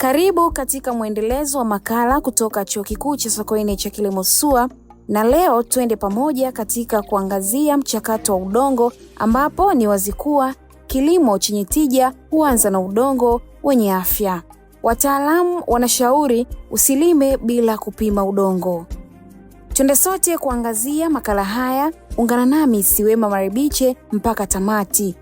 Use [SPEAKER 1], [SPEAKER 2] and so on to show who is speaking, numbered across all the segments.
[SPEAKER 1] Karibu katika mwendelezo wa makala kutoka Chuo Kikuu cha Sokoine cha Kilimo SUA, na leo twende pamoja katika kuangazia mchakato wa udongo, ambapo ni wazi kuwa kilimo chenye tija huanza na udongo wenye afya. Wataalamu wanashauri usilime bila kupima udongo. Twende sote kuangazia makala haya, ungana nami Siwema Maribiche mpaka tamati,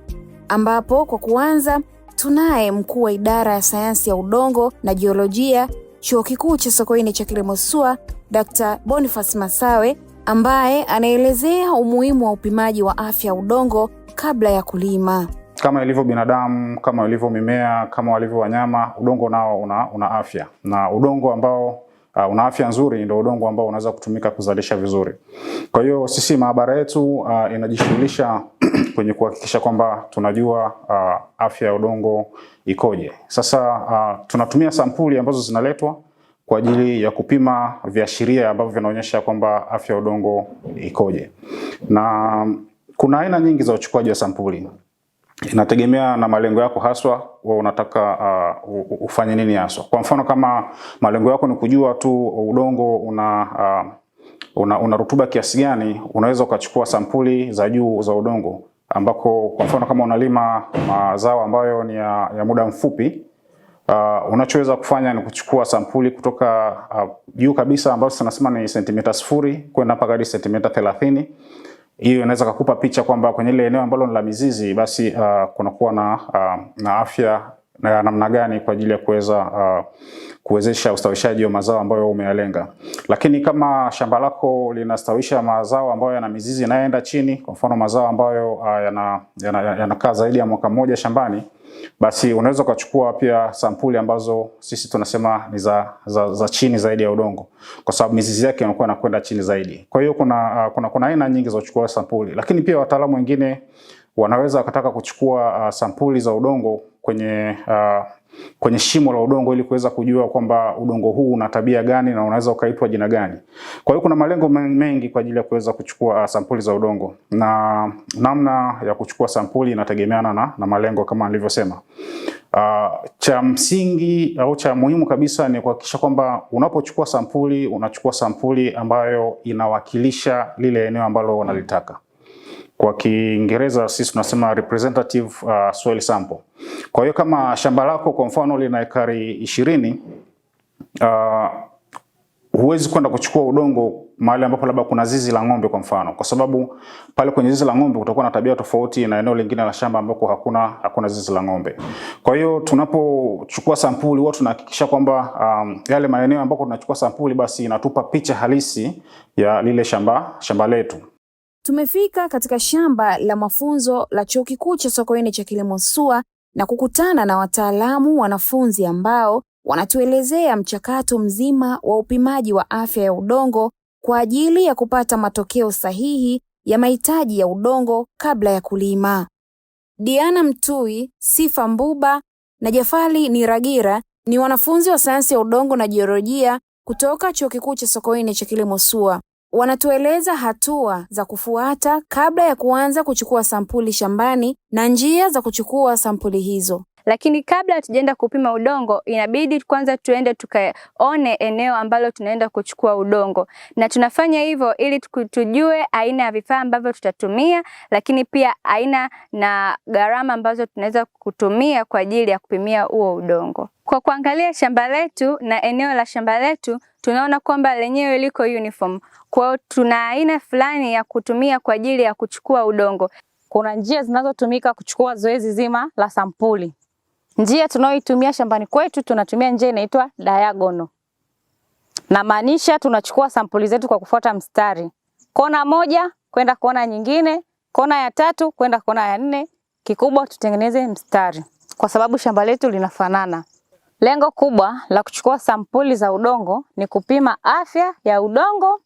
[SPEAKER 1] ambapo kwa kuanza Tunaye mkuu wa idara ya sayansi ya udongo na jiolojia chuo kikuu cha Sokoine cha sua Dr. bonifas Masawe ambaye anaelezea umuhimu wa upimaji wa afya ya udongo kabla ya kulima. Kama ilivyo binadamu, kama ilivyo mimea, kama walivyo wanyama, udongo nao una, una afya na udongo ambao uh, una afya nzuri, ndio udongo ambao unaweza kutumika kuzalisha vizuri. Kwa hiyo sisi maabara yetu uh, inajishughulisha kwenye kuhakikisha kwamba tunajua uh, afya ya udongo ikoje. Sasa uh, tunatumia sampuli ambazo zinaletwa kwa ajili ya kupima viashiria ambavyo vinaonyesha kwamba afya ya udongo ikoje, na kuna aina nyingi za uchukuaji wa sampuli. Inategemea na malengo yako haswa, wewe unataka uh, ufanye nini haswa. Kwa mfano kama malengo yako ni kujua tu udongo una uh, una, una rutuba kiasi gani, unaweza ukachukua sampuli za juu za udongo ambako kwa mfano kama unalima mazao ambayo ni ya, ya muda mfupi uh, unachoweza kufanya ni kuchukua sampuli kutoka uh, juu kabisa ambayo tunasema ni sentimita sifuri kwenda mpaka hadi sentimita thelathini hiyo inaweza kukupa picha kwamba kwenye ile eneo ambalo ni la mizizi, basi uh, kunakuwa na, uh, na afya na namna gani kwa ajili ya kuweza uh, kuwezesha ustawishaji wa mazao ambayo umeyalenga. Lakini kama shamba lako linastawisha mazao ambayo yana mizizi inayoenda chini, kwa mfano mazao ambayo uh, yanakaa yana, yana zaidi ya mwaka mmoja shambani basi unaweza ukachukua pia sampuli ambazo sisi tunasema ni za, za, za chini zaidi ya udongo, kwa sababu mizizi yake inakuwa inakwenda chini zaidi. Kwa hiyo kuna, uh, kuna, kuna aina nyingi za kuchukua sampuli, lakini pia wataalamu wengine wanaweza wakataka kuchukua uh, sampuli za udongo kwenye uh, kwenye shimo la udongo ili kuweza kujua kwamba udongo huu una tabia gani na unaweza ukaitwa jina gani. Kwa hiyo kuna malengo mengi kwa ajili ya kuweza kuchukua uh, sampuli za udongo, na namna ya kuchukua sampuli inategemeana na, na malengo kama nilivyosema. Uh, cha msingi au cha muhimu kabisa ni kuhakikisha kwamba unapochukua sampuli unachukua sampuli ambayo inawakilisha lile eneo ambalo wanalitaka. Kwa Kiingereza sisi tunasema representative uh, soil sample. Kwa hiyo kama shamba lako kwa mfano lina ekari ishirini uh, huwezi kwenda kuchukua udongo mahali ambapo labda kuna zizi la ng'ombe kwa mfano, kwa sababu pale kwenye zizi la ng'ombe kutakuwa na tabia tofauti na eneo lingine la shamba ambako hakuna, hakuna zizi la ng'ombe. Kwa hiyo tunapochukua sampuli huwa tunahakikisha kwamba um, yale maeneo ambako tunachukua sampuli basi inatupa picha halisi ya lile shamba, shamba letu.
[SPEAKER 2] Tumefika katika shamba la mafunzo la Chuo Kikuu cha Sokoine cha Kilimo SUA na kukutana na wataalamu wanafunzi ambao wanatuelezea mchakato mzima wa upimaji wa afya ya udongo kwa ajili ya kupata matokeo sahihi ya mahitaji ya udongo kabla ya kulima. Diana Mtui, Sifa Mbuba na ni Niragira ni wanafunzi wa sayansi ya udongo na jiolojia kutoka Chuo Kikuu cha Sokoine cha Kilimo SUA. Wanatueleza hatua za kufuata kabla ya kuanza kuchukua sampuli shambani na njia za kuchukua sampuli hizo.
[SPEAKER 3] Lakini kabla hatujaenda kupima udongo, inabidi kwanza tuende tukaone eneo ambalo tunaenda kuchukua udongo, na tunafanya hivyo ili tujue aina ya vifaa ambavyo tutatumia, lakini pia aina na gharama ambazo tunaweza kutumia kwa ajili ya kupimia huo udongo. Kwa kuangalia shamba letu na eneo la shamba letu tunaona kwamba lenyewe liko uniform. Kwa hiyo tuna aina fulani ya kutumia kwa ajili ya kuchukua udongo.
[SPEAKER 4] Kuna njia zinazotumika kuchukua zoezi zima la sampuli. Njia tunayoitumia shambani kwetu tunatumia njia inaitwa diagonal. Na maanisha tunachukua sampuli zetu kwa kufuata mstari. Kona moja kwenda kona nyingine, kona ya tatu kwenda kona ya nne, kikubwa tutengeneze mstari. Kwa sababu shamba letu linafanana. Lengo kubwa la kuchukua sampuli za udongo ni kupima afya ya udongo,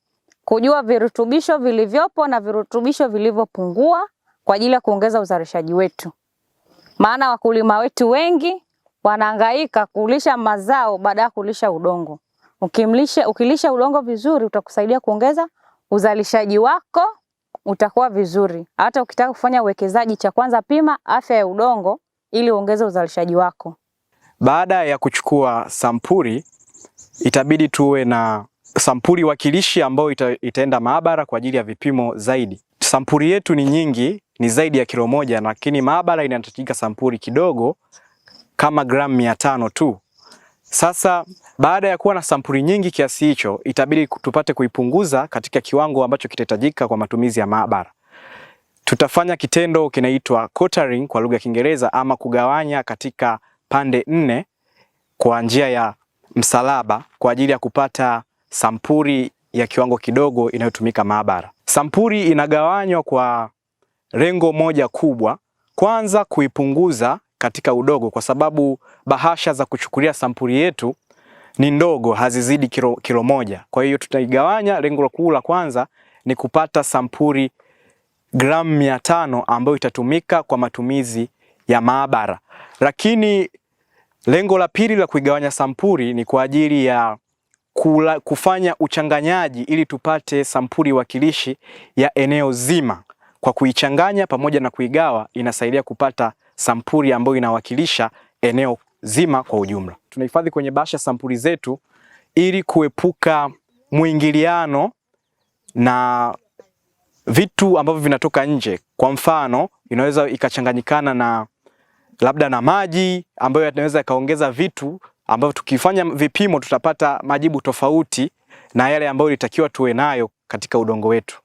[SPEAKER 4] kujua virutubisho vilivyopo na virutubisho vilivyopungua kwa ajili ya kuongeza uzalishaji wetu. Maana wakulima wetu wengi wanahangaika kulisha mazao baada ya kulisha udongo. Ukimlisha, ukilisha udongo vizuri utakusaidia kuongeza uzalishaji wako utakuwa vizuri. Hata ukitaka kufanya uwekezaji, cha kwanza pima afya ya udongo ili uongeze uzalishaji wako.
[SPEAKER 5] Baada ya kuchukua sampuli, itabidi tuwe na sampuli wakilishi ambayo ita, itaenda maabara kwa ajili ya vipimo zaidi. Sampuli yetu ni nyingi, ni zaidi ya kilo moja, lakini maabara inahitajika sampuli kidogo kama gramu mia tano tu. Sasa baada ya kuwa na sampuli nyingi kiasi hicho, itabidi tupate kuipunguza katika kiwango ambacho kitahitajika kwa matumizi ya maabara. Tutafanya kitendo kinaitwa quartering kwa lugha ya Kiingereza ama kugawanya katika pande nne kwa njia ya msalaba kwa ajili ya kupata sampuri ya kiwango kidogo inayotumika maabara. Sampuri inagawanywa kwa lengo moja kubwa, kwanza kuipunguza katika udogo, kwa sababu bahasha za kuchukulia sampuri yetu ni ndogo, hazizidi kilo, kilo moja. Kwa hiyo tutaigawanya, lengo kuu la kwanza ni kupata sampuri gramu mia tano ambayo itatumika kwa matumizi ya maabara, lakini Lengo la pili la kuigawanya sampuli ni kwa ajili ya kula, kufanya uchanganyaji ili tupate sampuli wakilishi ya eneo zima. Kwa kuichanganya pamoja na kuigawa inasaidia kupata sampuli ambayo inawakilisha eneo zima kwa ujumla. Tunahifadhi kwenye bahasha sampuli zetu ili kuepuka mwingiliano na vitu ambavyo vinatoka nje. Kwa mfano, inaweza ikachanganyikana na labda na maji ambayo yanaweza yakaongeza vitu ambavyo tukifanya vipimo tutapata majibu tofauti na yale ambayo ilitakiwa tuwe nayo katika udongo wetu.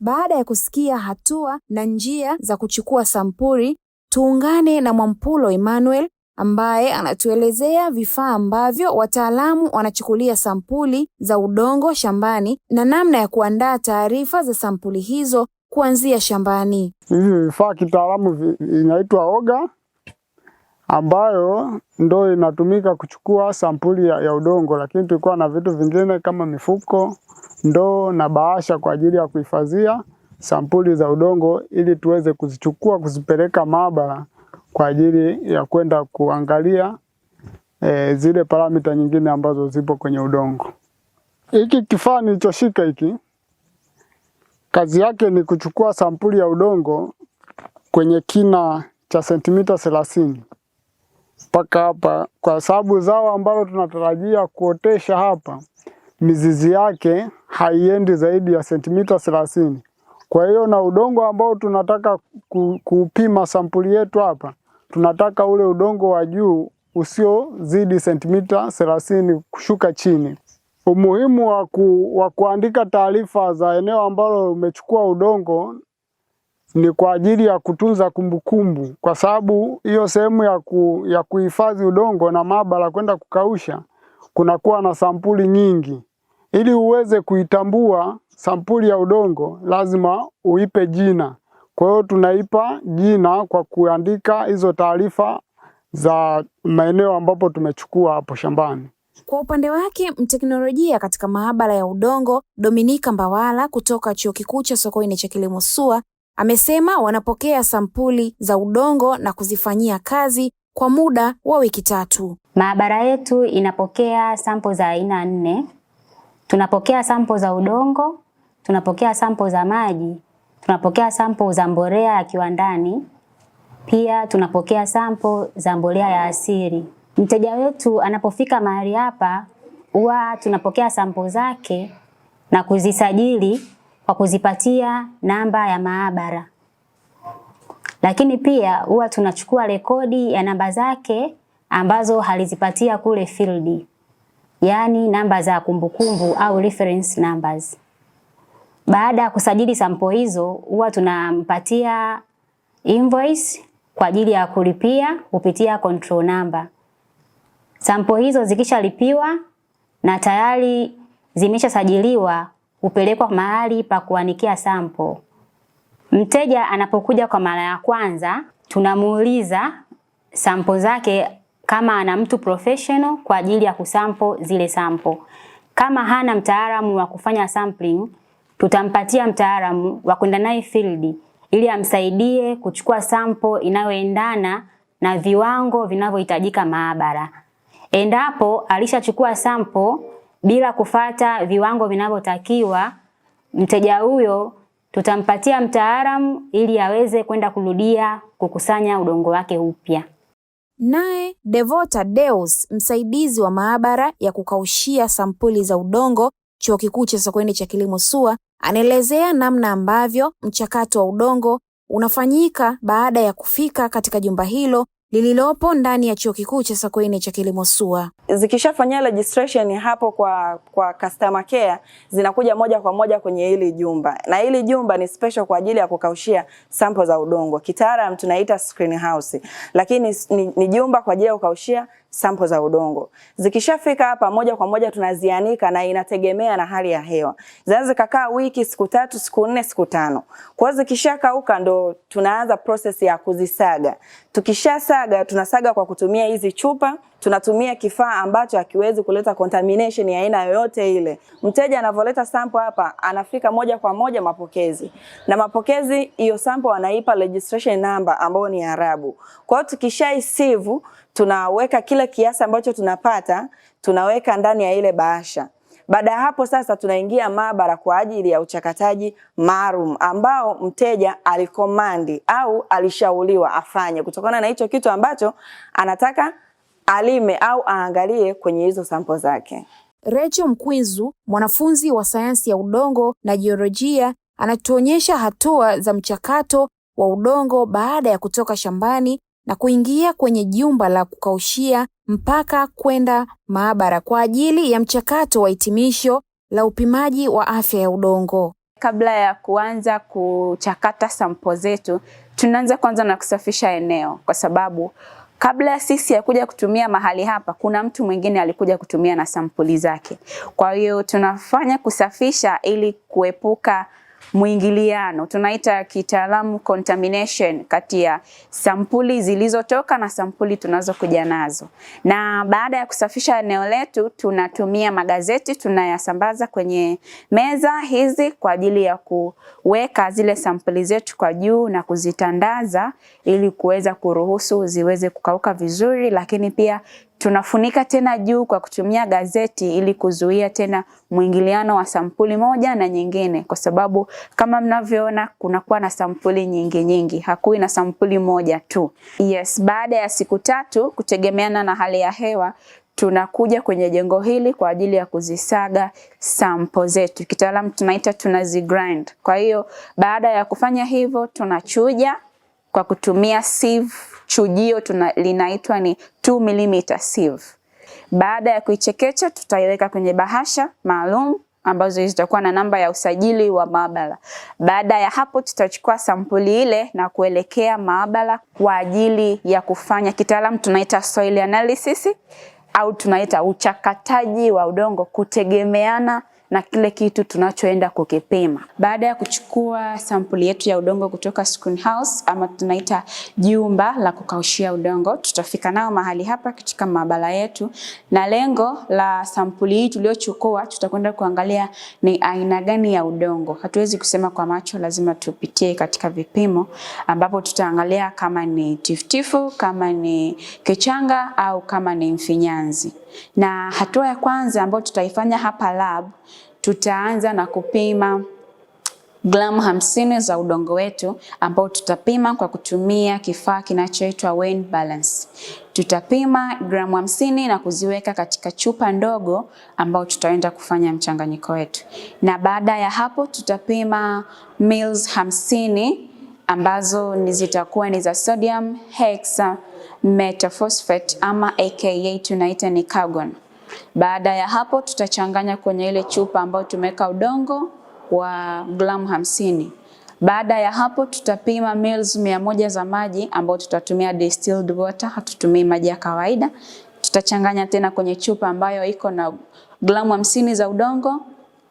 [SPEAKER 2] Baada ya kusikia hatua na njia za kuchukua sampuli, tuungane na Mwampulo Emmanuel ambaye anatuelezea vifaa ambavyo wataalamu wanachukulia sampuli za udongo shambani na namna ya kuandaa taarifa za sampuli hizo kuanzia shambani.
[SPEAKER 6] Hivi vifaa kitaalamu inaitwa oga ambayo ndo inatumika kuchukua sampuli ya, ya udongo, lakini tulikuwa na vitu vingine kama mifuko, ndoo na bahasha kwa ajili ya kuhifadhia sampuli za udongo ili tuweze kuzichukua kuzipeleka maabara kwa ajili ya kwenda kuangalia e, zile paramita nyingine ambazo zipo kwenye udongo. Hiki kifaa nilichoshika hiki, kazi yake ni kuchukua sampuli ya udongo kwenye kina cha sentimita thelathini mpaka hapa, kwa sababu zao ambalo tunatarajia kuotesha hapa mizizi yake haiendi zaidi ya sentimita thelathini. Kwa hiyo na udongo ambao tunataka kupima sampuli yetu hapa, tunataka ule udongo wa juu usiozidi sentimita thelathini kushuka chini. Umuhimu wa kuandika taarifa za eneo ambalo umechukua udongo ni kwa ajili ya kutunza kumbukumbu kumbu, kwa sababu hiyo sehemu ya, ku, ya kuhifadhi udongo na maabara kwenda kukausha kunakuwa na sampuli nyingi. Ili uweze kuitambua sampuli ya udongo lazima uipe jina. Kwa hiyo tunaipa jina kwa kuandika hizo taarifa za maeneo ambapo tumechukua hapo shambani.
[SPEAKER 2] Kwa upande wake mteknolojia katika maabara ya udongo, Dominika Mbawala kutoka Chuo Kikuu cha Sokoine cha Kilimo SUA Amesema wanapokea sampuli za udongo na kuzifanyia kazi kwa muda wa wiki tatu.
[SPEAKER 7] Maabara yetu inapokea sampo za aina nne. Tunapokea sampo za udongo, tunapokea sampo za maji, tunapokea sampo za mbolea ya kiwandani, pia tunapokea sampo za mbolea ya asili. Mteja wetu anapofika mahali hapa, huwa tunapokea sampo zake na kuzisajili kwa kuzipatia namba ya maabara, lakini pia huwa tunachukua rekodi ya namba zake ambazo halizipatia kule field, yaani namba za kumbukumbu au reference numbers. Baada ya kusajili sampo hizo, huwa tunampatia invoice kwa ajili ya kulipia kupitia control number. Sampo hizo zikishalipiwa na tayari zimeshasajiliwa hupelekwa mahali pa kuanikia sampo. Mteja anapokuja kwa mara ya kwanza, tunamuuliza sampo zake kama ana mtu professional kwa ajili ya kusampo zile sampo. Kama hana mtaalamu wa kufanya sampling, tutampatia mtaalamu wa kwenda naye field ili amsaidie kuchukua sampo inayoendana na viwango vinavyohitajika maabara. Endapo alishachukua sampo bila kufata viwango vinavyotakiwa, mteja huyo tutampatia mtaalamu ili aweze kwenda kurudia kukusanya udongo wake upya.
[SPEAKER 2] Naye Devota Deus, msaidizi wa maabara ya kukaushia sampuli za udongo Chuo Kikuu cha Sokoine cha Kilimo SUA, anaelezea namna ambavyo mchakato wa udongo unafanyika baada ya kufika katika jumba hilo lililopo ndani ya Chuo Kikuu cha Sokoine cha kilimo SUA.
[SPEAKER 8] Zikishafanyia registration hapo kwa kwa customer care, zinakuja moja kwa moja kwenye hili jumba, na hili jumba ni special kwa ajili ya kukaushia sample za udongo, kitaalamu tunaita screen house, lakini ni, ni jumba kwa ajili ya kukaushia sampo za udongo. Zikishafika hapa moja kwa moja tunazianika na inategemea na hali ya hewa. Zinaweza kukaa wiki, siku tatu, siku nne, siku tano. Kwa hiyo zikishakauka ndo tunaanza process ya kuzisaga. Tukishasaga tunasaga kwa kutumia hizi chupa, tunatumia kifaa ambacho hakiwezi kuleta contamination ya aina yoyote ile. Mteja anavoleta sample hapa, anafika moja kwa moja mapokezi, na mapokezi hiyo sample anaipa registration number ambayo ni Arabu. Kwa hiyo tukishaisivu, tunaweka kile kiasi ambacho tunapata, tunaweka ndani ya ile bahasha. Baada ya hapo sasa tunaingia maabara kwa ajili ya uchakataji maalum ambao mteja alikomandi au alishauriwa afanye kutokana na hicho kitu ambacho anataka alime au aangalie kwenye hizo sampo zake.
[SPEAKER 2] Rachel Mkwizu, mwanafunzi wa sayansi ya udongo na jiolojia, anatuonyesha hatua za mchakato wa udongo baada ya kutoka shambani na kuingia kwenye jumba la kukaushia mpaka kwenda maabara kwa ajili ya mchakato wa hitimisho la upimaji wa afya ya udongo.
[SPEAKER 9] Kabla ya kuanza kuchakata sampo zetu, tunaanza kwanza na kusafisha eneo, kwa sababu kabla sisi ya kuja kutumia mahali hapa, kuna mtu mwingine alikuja kutumia na sampuli zake. Kwa hiyo tunafanya kusafisha ili kuepuka mwingiliano, tunaita kitaalamu contamination, kati ya sampuli zilizotoka na sampuli tunazokuja nazo. Na baada ya kusafisha eneo letu, tunatumia magazeti, tunayasambaza kwenye meza hizi kwa ajili ya kuweka zile sampuli zetu kwa juu na kuzitandaza ili kuweza kuruhusu ziweze kukauka vizuri, lakini pia Tunafunika tena juu kwa kutumia gazeti ili kuzuia tena mwingiliano wa sampuli moja na nyingine, kwa sababu kama mnavyoona kunakuwa na sampuli nyingi nyingi, hakui na sampuli moja tu. Yes, baada ya siku tatu kutegemeana na hali ya hewa tunakuja kwenye jengo hili kwa ajili ya kuzisaga sampo zetu, kitaalamu tunaita tunazi grind. Kwa hiyo baada ya kufanya hivyo tunachuja kwa kutumia sieve chujio tuna, linaitwa ni 2mm sieve. Baada ya kuichekecha tutaiweka kwenye bahasha maalum ambazo zitakuwa na namba ya usajili wa maabara. Baada ya hapo, tutachukua sampuli ile na kuelekea maabara kwa ajili ya kufanya kitaalamu tunaita soil analysis au tunaita uchakataji wa udongo kutegemeana na kile kitu tunachoenda kukipima. Baada ya kuchukua sampuli yetu ya udongo kutoka screen house ama tunaita jumba la kukaushia udongo, tutafika nao mahali hapa katika maabara yetu, na lengo la sampuli hii tuliyochukua, tutakwenda kuangalia ni aina gani ya udongo. Hatuwezi kusema kwa macho, lazima tupitie katika vipimo, ambapo tutaangalia kama ni tifutifu, kama ni kichanga au kama ni mfinyanzi. Na hatua ya kwanza ambayo tutaifanya hapa lab tutaanza na kupima gramu hamsini za udongo wetu ambao tutapima kwa kutumia kifaa kinachoitwa Weighing Balance. Tutapima gramu hamsini na kuziweka katika chupa ndogo ambao tutaenda kufanya mchanganyiko wetu, na baada ya hapo tutapima mils hamsini ambazo ni zitakuwa ni za sodium metaphosphate ama aka tunaita ni cargon. Baada ya hapo, tutachanganya kwenye ile chupa ambayo tumeweka udongo wa gramu hamsini. Baada ya hapo, tutapima mils mia moja za maji ambayo tutatumia distilled water, hatutumii maji ya kawaida. Tutachanganya tena kwenye chupa ambayo iko na gramu hamsini za udongo,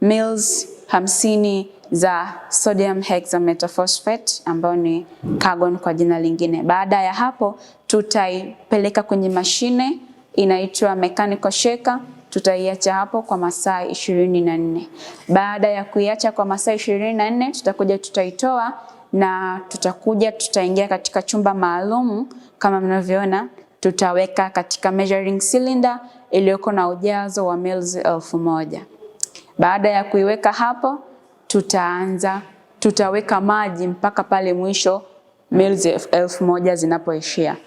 [SPEAKER 9] mils hamsini za sodium hexametaphosphate ambayo ni carbon kwa jina lingine. Baada ya hapo, tutaipeleka kwenye mashine inaitwa mechanical shaker. Tutaiacha hapo kwa masaa ishirini na nne. Baada ya kuiacha kwa masaa ishirini na nne tutakuja tutaitoa na tutakuja tutaingia katika chumba maalum kama mnavyoona, tutaweka katika measuring cylinder iliyoko na ujazo wa mils elfu moja. Baada ya kuiweka hapo, tutaanza tutaweka maji mpaka pale mwisho mils elfu moja zinapoishia.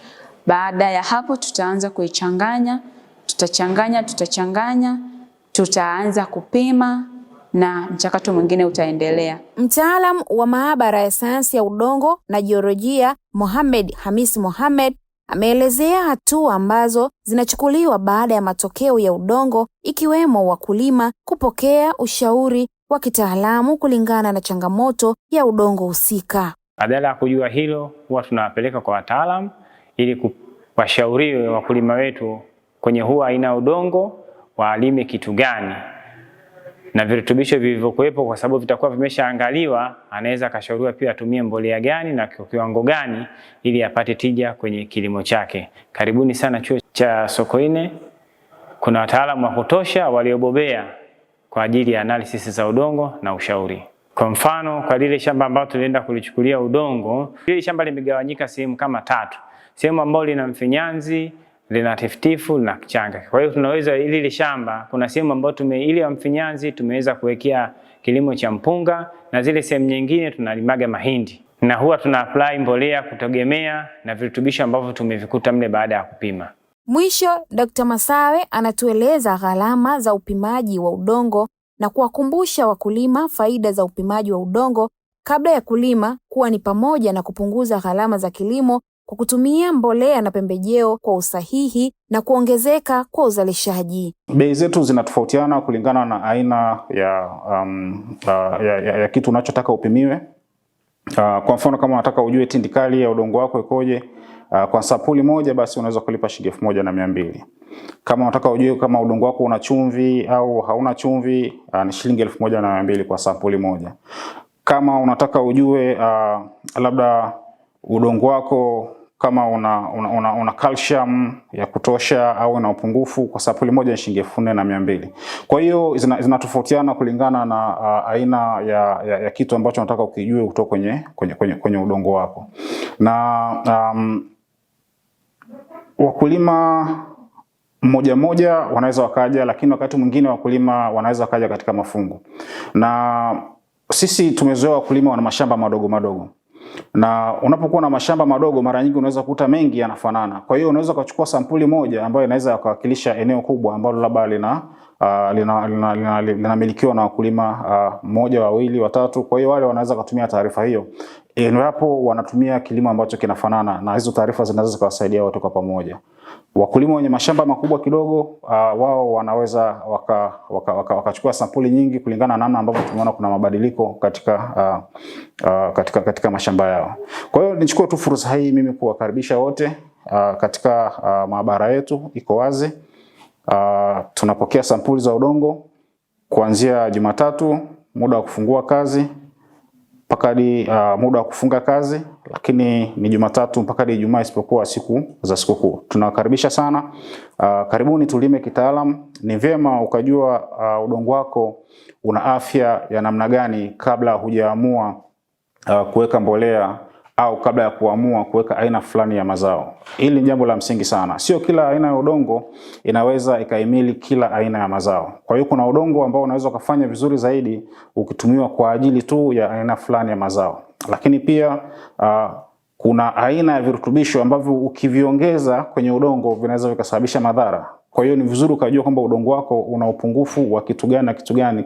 [SPEAKER 9] Baada ya hapo, tutaanza kuichanganya, tutachanganya, tutachanganya, tutaanza kupima na mchakato mwingine utaendelea.
[SPEAKER 2] Mtaalam wa maabara ya sayansi ya udongo na jiolojia Mohamed Hamis Mohamed ameelezea hatua ambazo zinachukuliwa baada ya matokeo ya udongo, ikiwemo wakulima kupokea ushauri wa kitaalamu kulingana na changamoto ya udongo husika.
[SPEAKER 10] Badala ya kujua hilo, huwa tunawapeleka kwa wataalamu ili washauriwe wakulima wetu kwenye huu aina udongo waalime kitu gani na virutubisho vilivyokuwepo, kwa sababu vitakuwa vimeshaangaliwa. Anaweza akashauriwa pia atumie mbolea gani na kiwango gani, ili apate tija kwenye kilimo chake. Karibuni sana chuo cha Sokoine, kuna wataalamu wa kutosha waliobobea kwa ajili ya analysis za udongo na ushauri. Kwa mfano, kwa lile shamba ambalo tulienda kulichukulia udongo, lile shamba limegawanyika sehemu kama tatu sehemu ambayo lina mfinyanzi lina tifutifu na kichanga. Kwa hiyo tunaweza ili shamba, kuna sehemu ambayo tume ile ya mfinyanzi tumeweza kuwekea kilimo cha mpunga na zile sehemu nyingine tunalimaga mahindi, na huwa tuna apply mbolea kutegemea na virutubisho ambavyo tumevikuta mle baada ya kupima.
[SPEAKER 2] Mwisho, Dkt. Masawe anatueleza gharama za upimaji wa udongo na kuwakumbusha wakulima faida za upimaji wa udongo kabla ya kulima kuwa ni pamoja na kupunguza gharama za kilimo kwa kutumia mbolea na pembejeo kwa usahihi na kuongezeka kwa uzalishaji.
[SPEAKER 1] Bei zetu zinatofautiana kulingana na aina ya, um, uh, ya, ya, ya kitu unachotaka upimiwe. Uh, kwa mfano kama unataka ujue tindikali ya udongo wako ikoje, uh, kwa sapuli moja basi unaweza kulipa shilingi elfu moja na mia mbili. Kama unataka ujue kama udongo wako una chumvi au hauna chumvi, uh, ni shilingi elfu moja na mia mbili kwa sapuli moja. Kama unataka ujue uh, labda udongo wako kama una, una, una, una calcium ya kutosha au una upungufu, kwa sapuli moja ni shilingi elfu nne na mia mbili. Kwa hiyo zinatofautiana zina kulingana na a, aina ya, ya, ya kitu ambacho nataka ukijue kutoka kwenye, kwenye, kwenye, kwenye udongo wako na um, wakulima mmoja mmoja wanaweza wakaja, lakini wakati mwingine wakulima wanaweza wakaja katika mafungu, na sisi tumezoea wakulima wana mashamba madogo madogo na unapokuwa na mashamba madogo, mara nyingi unaweza kukuta mengi yanafanana. Kwa hiyo unaweza ukachukua sampuli moja ambayo inaweza kuwakilisha eneo kubwa ambalo labda lina uh, ah, linamilikiwa lina, lina, lina, lina na wakulima uh, ah, moja, wawili, watatu. Kwa hiyo wale wanaweza kutumia taarifa hiyo endapo wanatumia kilimo ambacho kinafanana, na hizo taarifa zinaweza zikawasaidia watu kwa pamoja. Wakulima wenye mashamba makubwa kidogo uh, wao wanaweza wakachukua waka, waka, waka sampuli nyingi kulingana na namna ambavyo tumeona kuna mabadiliko katika, uh, uh, katika, katika mashamba yao. Kwa hiyo nichukue tu fursa hii mimi kuwakaribisha wote uh, katika uh, maabara yetu iko wazi. Uh, tunapokea sampuli za udongo kuanzia Jumatatu, muda wa kufungua kazi mpaka hadi uh, muda wa kufunga kazi, lakini ni Jumatatu mpaka hadi Ijumaa isipokuwa siku za sikukuu. Tunawakaribisha sana. Uh, karibuni tulime kitaalam. Ni vyema ukajua uh, udongo wako una afya ya namna gani kabla hujaamua uh, kuweka mbolea au kabla ya kuamua kuweka aina fulani ya mazao. Hili ni jambo la msingi sana. Sio kila aina ya udongo inaweza ikahimili kila aina ya mazao. Kwa hiyo kuna udongo ambao unaweza ukafanya vizuri zaidi ukitumiwa kwa ajili tu ya aina fulani ya mazao, lakini pia uh, kuna aina ya virutubisho ambavyo ukiviongeza kwenye udongo vinaweza vikasababisha madhara. Kwa hiyo ni vizuri ukajua kwamba udongo wako una upungufu wa kitu gani na kitu gani,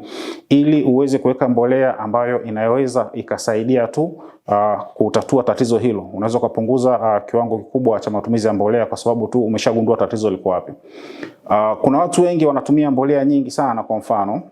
[SPEAKER 1] ili uweze kuweka mbolea ambayo inaweza ikasaidia tu uh, kutatua tatizo hilo. Unaweza ukapunguza uh, kiwango kikubwa cha matumizi ya mbolea kwa sababu tu umeshagundua tatizo liko wapi. Uh, kuna watu wengi wanatumia mbolea nyingi sana, kwa mfano,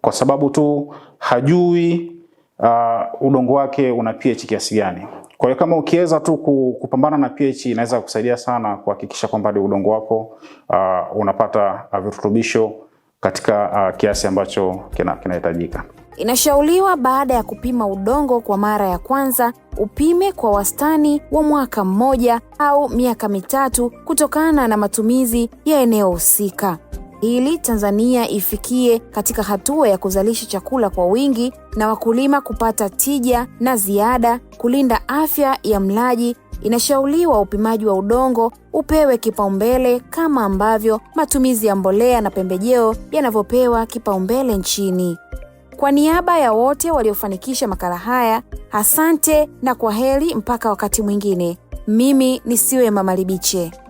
[SPEAKER 1] kwa sababu tu hajui uh, udongo wake una pH kiasi gani. Kwa hiyo kama ukiweza tu kupambana na pH inaweza kusaidia sana kuhakikisha kwamba udongo wako uh, unapata uh, virutubisho katika uh, kiasi ambacho kinahitajika. Kina
[SPEAKER 2] inashauriwa baada ya kupima udongo kwa mara ya kwanza upime kwa wastani wa mwaka mmoja au miaka mitatu kutokana na matumizi ya eneo husika ili Tanzania ifikie katika hatua ya kuzalisha chakula kwa wingi na wakulima kupata tija na ziada. Kulinda afya ya mlaji, inashauriwa upimaji wa udongo upewe kipaumbele kama ambavyo matumizi ya mbolea na pembejeo yanavyopewa kipaumbele nchini. Kwa niaba ya wote waliofanikisha makala haya, asante na kwa heri mpaka wakati mwingine. Mimi ni Siwe Mama Libiche.